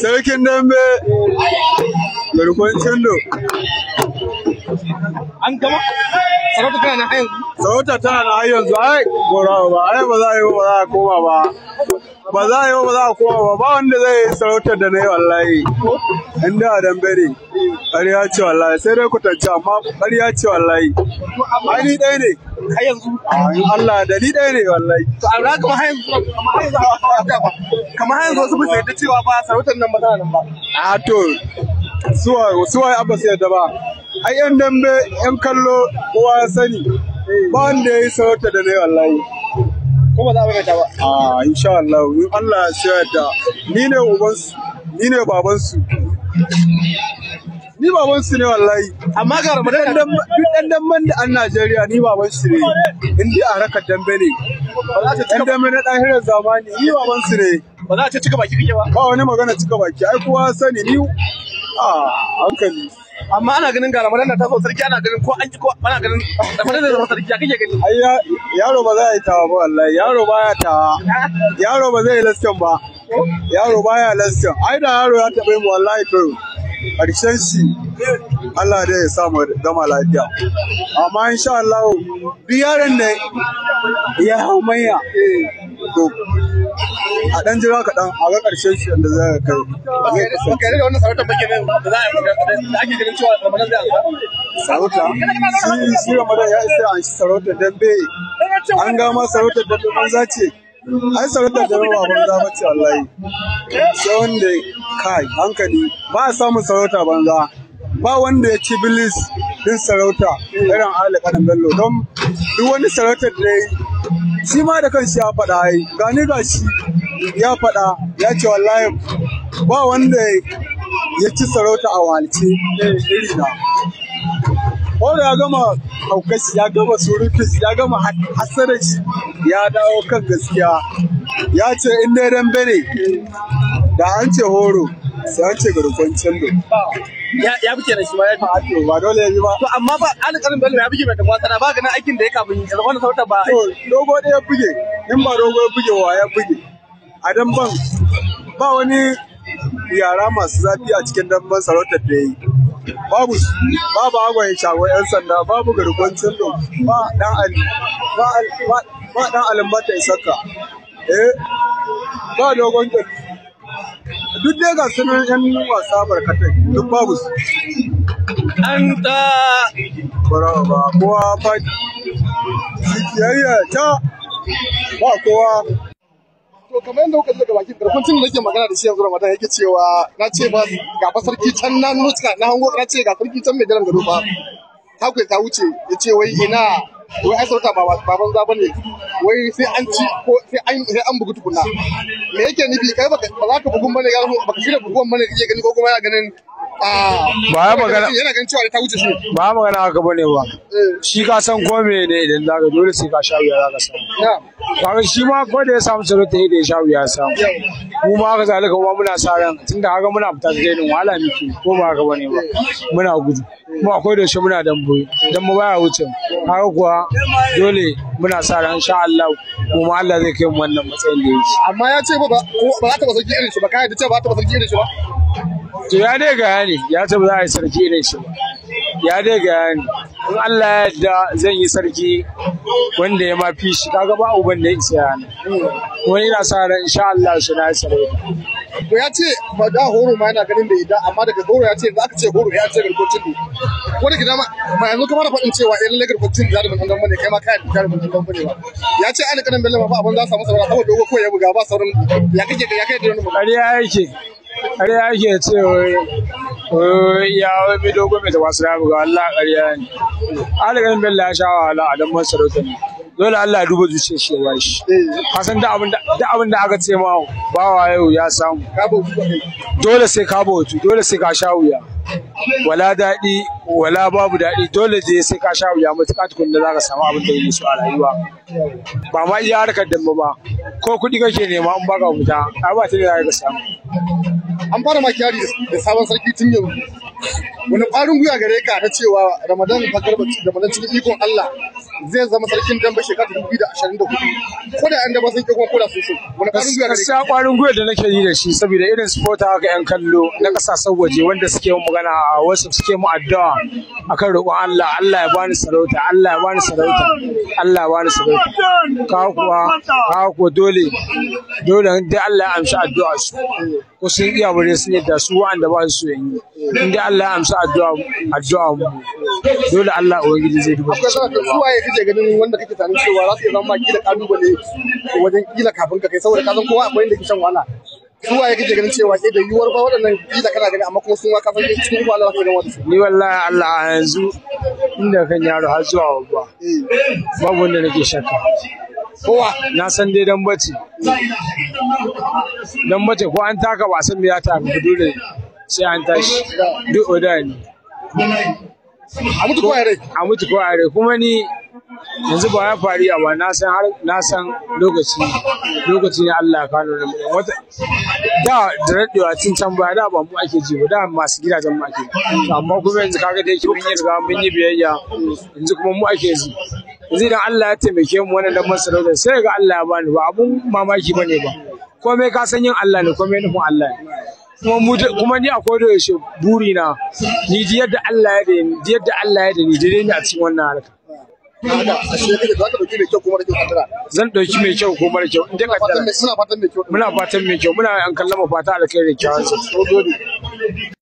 Sarkin dambe garkon cindo. An gama? Sarauta tana na yanzu? Sarauta tana na ai, gora ba, ai ba za a yi ba za a koma ba. Ba za a yi ba za a koma ba, ba wanda zai da na yi wallahi. Inda a ƙarya ce wallahi, sai dai ku amma ƙarya ce wallahi. Ai ni ɗaya ne. yanzu. Allah da ni ɗaya ne wallahi. To a ra yadda cewa ba sarautar nan ba za a nan ba. A to, suwa, suwa ya yadda ba. a yan dambe yan kallo kowa sani ba wanda ya yi sarauta da nai wallahi kuma za a ta ba a ah, insha Allah in Allah ya shi yadda ni ne ubansu ni ne babansu ni babansu ne wallahi amma ga ramadan duk dan damben da an Najeriya ni babansu ne in a rakar dambe ne ba za ta cika dambe na ɗahirar zamani ni babansu ne ba za ta cika baki kike ba ba wani magana cika baki ai kowa sani ni a ah, hankali amma ana ganin ga ramadan ta zo sarki ana ganin ko an ko ana ganin ramadan da zama sarki ya kake gani ai yaro ba zai tawa ba wallahi yaro ba ya tawa yaro ba zai yi lasken ba yaro ba ya lasken ai da yaro ya taɓa mu wallahi to karshen shi Allah dai ya sa mu lafiya amma insha Allah duk yaron da ya hau manya to a dan jira kaɗan a ga ƙarshen shi da za ka kai. Ba kai da wannan sarautar bake da za a yi da ake ganin cewa Ramadan zai amsa. Sarauta? Shi shi Ramadan ya isa an sarauta sarautar dambe. An gama sarautar dambe banza ce. An sarauta dambe ba banza ba ce wallahi. Sai wanda kai hankali ba a samun sarauta banza. Ba wanda ya ci bilis din sarauta irin alaƙa da bello don duk wani sarautar da ya yi shi ma da kanshi ya faɗa yi gani ga shi ya faɗa ya ce wallahi ba wanda ya ci sarauta a walce irina na wanda ya gama haukashi ya gama surutus ya gama hasarashi ya dawo kan gaskiya ya ce in dai dambe ne da an ce horo sai wace gurkon cello ya ya fice da shi ba ya fi ba dole ya bi ba to amma ba alƙalin bello ya buge mai kamar sana ba ganin aikin da ya kafin ya zama sauta ba to dogo da ya buge in ba dogo ya buge wa ya buge a dan ba wani yara masu zafi a cikin damban sarautar da ya yi babu babu agwayin shago yan sanda babu garkon cillo ba dan ali ba dan alimbata isaka eh ba dogon kyalli duk dai ga sunan yan wasa barkatai duk babu su an ta ba kowa fadi cikiyayya ta ba kowa to kamar yadda kuka daga bakin karfin tun nake magana da shi yanzu Ramadan yake cewa na ce ba ga ba sarki can na nuka na hango na ce ga sarki can mai jiran gado ba ta ta wuce ya ce wai ina wai ai sarauta ba baban za bane wai sai an ci ko sai an sai an bugu tukunna me yake nufi kai ba za ka bugun bane ya ba ka shirya bugun bane kake gani ko kuma ya ganin ba ya magana yana ganin cewa ta wuce shi ba ya magana haka bane ba shi ka san ko me ne idan za ka dole sai ka sha wuya za ka samu kaga shi ma ko da ya samu tsaro ta da ya sha wuya samu mu ma haka zalika kuma muna sa ran tunda haka muna fita da gainin wahala miki ko ba haka bane ba muna gudu mu akwai da shi muna dambo dan mu baya wuce haka kuwa dole muna sa ran insha Allah ma Allah zai kai mu wannan matsayin da yake amma ya ce ba ba ta ba sarki irin shi ba kai da ce ba ta ba sarki irin shi ba to ya dai gaya ne ya ce ba za a yi sarki ne shi ba ya dai gaya ne in Allah ya yarda zan yi sarki wanda ya mafi shi kaga ba uban da ya isa yana wani ina sa ran insha Allah shi na sarki to ya ce ba da horo ma yana ganin da ida amma daga horo ya ce za ka ce horo ya ce garkocin ne wanda gida ma ma yanzu kuma na faɗin cewa irin lagar garkocin da mun dan bane kai ma kayan da mun dan bane ba ya ce ana kanan bellama ba abun za su samu saboda dogo ko ya buga ba sauran ya kake ya kai da wani mu yake ƙarya ke ce ya wani dogon mai tawasu ramu ga Allah ƙarya ne alaƙar bello ya sha wahala a dan sarauta ne dole Allah duba zuciyar shi ya shi hasan da abin da aka ce ma bawa yau ya samu dole sai ka bautu dole sai ka sha wuya wala daɗi wala babu daɗi dole je sai ka sha wuya matuƙa tukun da za ka samu abin da ya musu a rayuwa ba ma iya harkar damba ba ko kuɗi kake nema an baka wuta a ba ta da ya ga samu an fara makiyari da sabon sarki tun yau wani ƙwarin gwiwa gare ka ta cewa ramadan bakar ramadan cikin ikon Allah zai zama sarkin dan bashi dubu biyu da ashirin da hudu ko da yan daba sun ƙi kuma ko da su so wani ƙwarin gwiwa gare ka ƙwarin gwiwa da nake yi da shi saboda irin sport haka yan kallo na ƙasashen waje wanda suke mu magana a wasu suke mu addu'a akan roƙon Allah Allah ya bani sarauta Allah ya bani sarauta Allah ya bani sarauta ka kuwa ka kuwa dole dole dai Allah ya amshi addu'a su ko sun iya bare sun da su wa'anda ba su yin yi inda Allah ya amsa addu'a addu'a mu dole Allah ubangiji zai duba su wa ya kike ganin wanda kake tsanin cewa za su iya zama kila kalubale wajen kila kafin ka kai saboda kasan kowa akwai inda kishan wahala zuwa ya kake ganin cewa sai da yiwuwar ba waɗannan kila kana gani amma kuma sun ma kafin cikin ko Allah ka da su. ni wallahi Allah a yanzu inda kan yaro har zuwa babba babu wanda nake shakka kowa na san dai dan bace don mace ko an taka wasan ya ta fi dole sai an tashi duk oda ne a mutu ko are a mutu ko are kuma ni yanzu ba ya faru amma na san har na san lokaci lokaci ne Allah ka nuna wata da da a cin can baya da ba mu ake ji ba da masu gidajen mu ake amma kuma yanzu kaga dai yake mun yi riga mun yi biyayya yanzu kuma mu ake ji yanzu idan Allah ya taimake mu wannan dan masarauta sai ga Allah ya bani ba abun mamaki bane ba kome ka san yin Allah ne kome nufin Allah ne kuma ni a koda yaushe buri na ni ji yadda Allah ya da ni yadda Allah ya da ni dai ni a cikin wannan harka zan dauki mai kyau ko mara kyau in inda muna fatan mai kyau muna an kallama fata alkhairi kyawun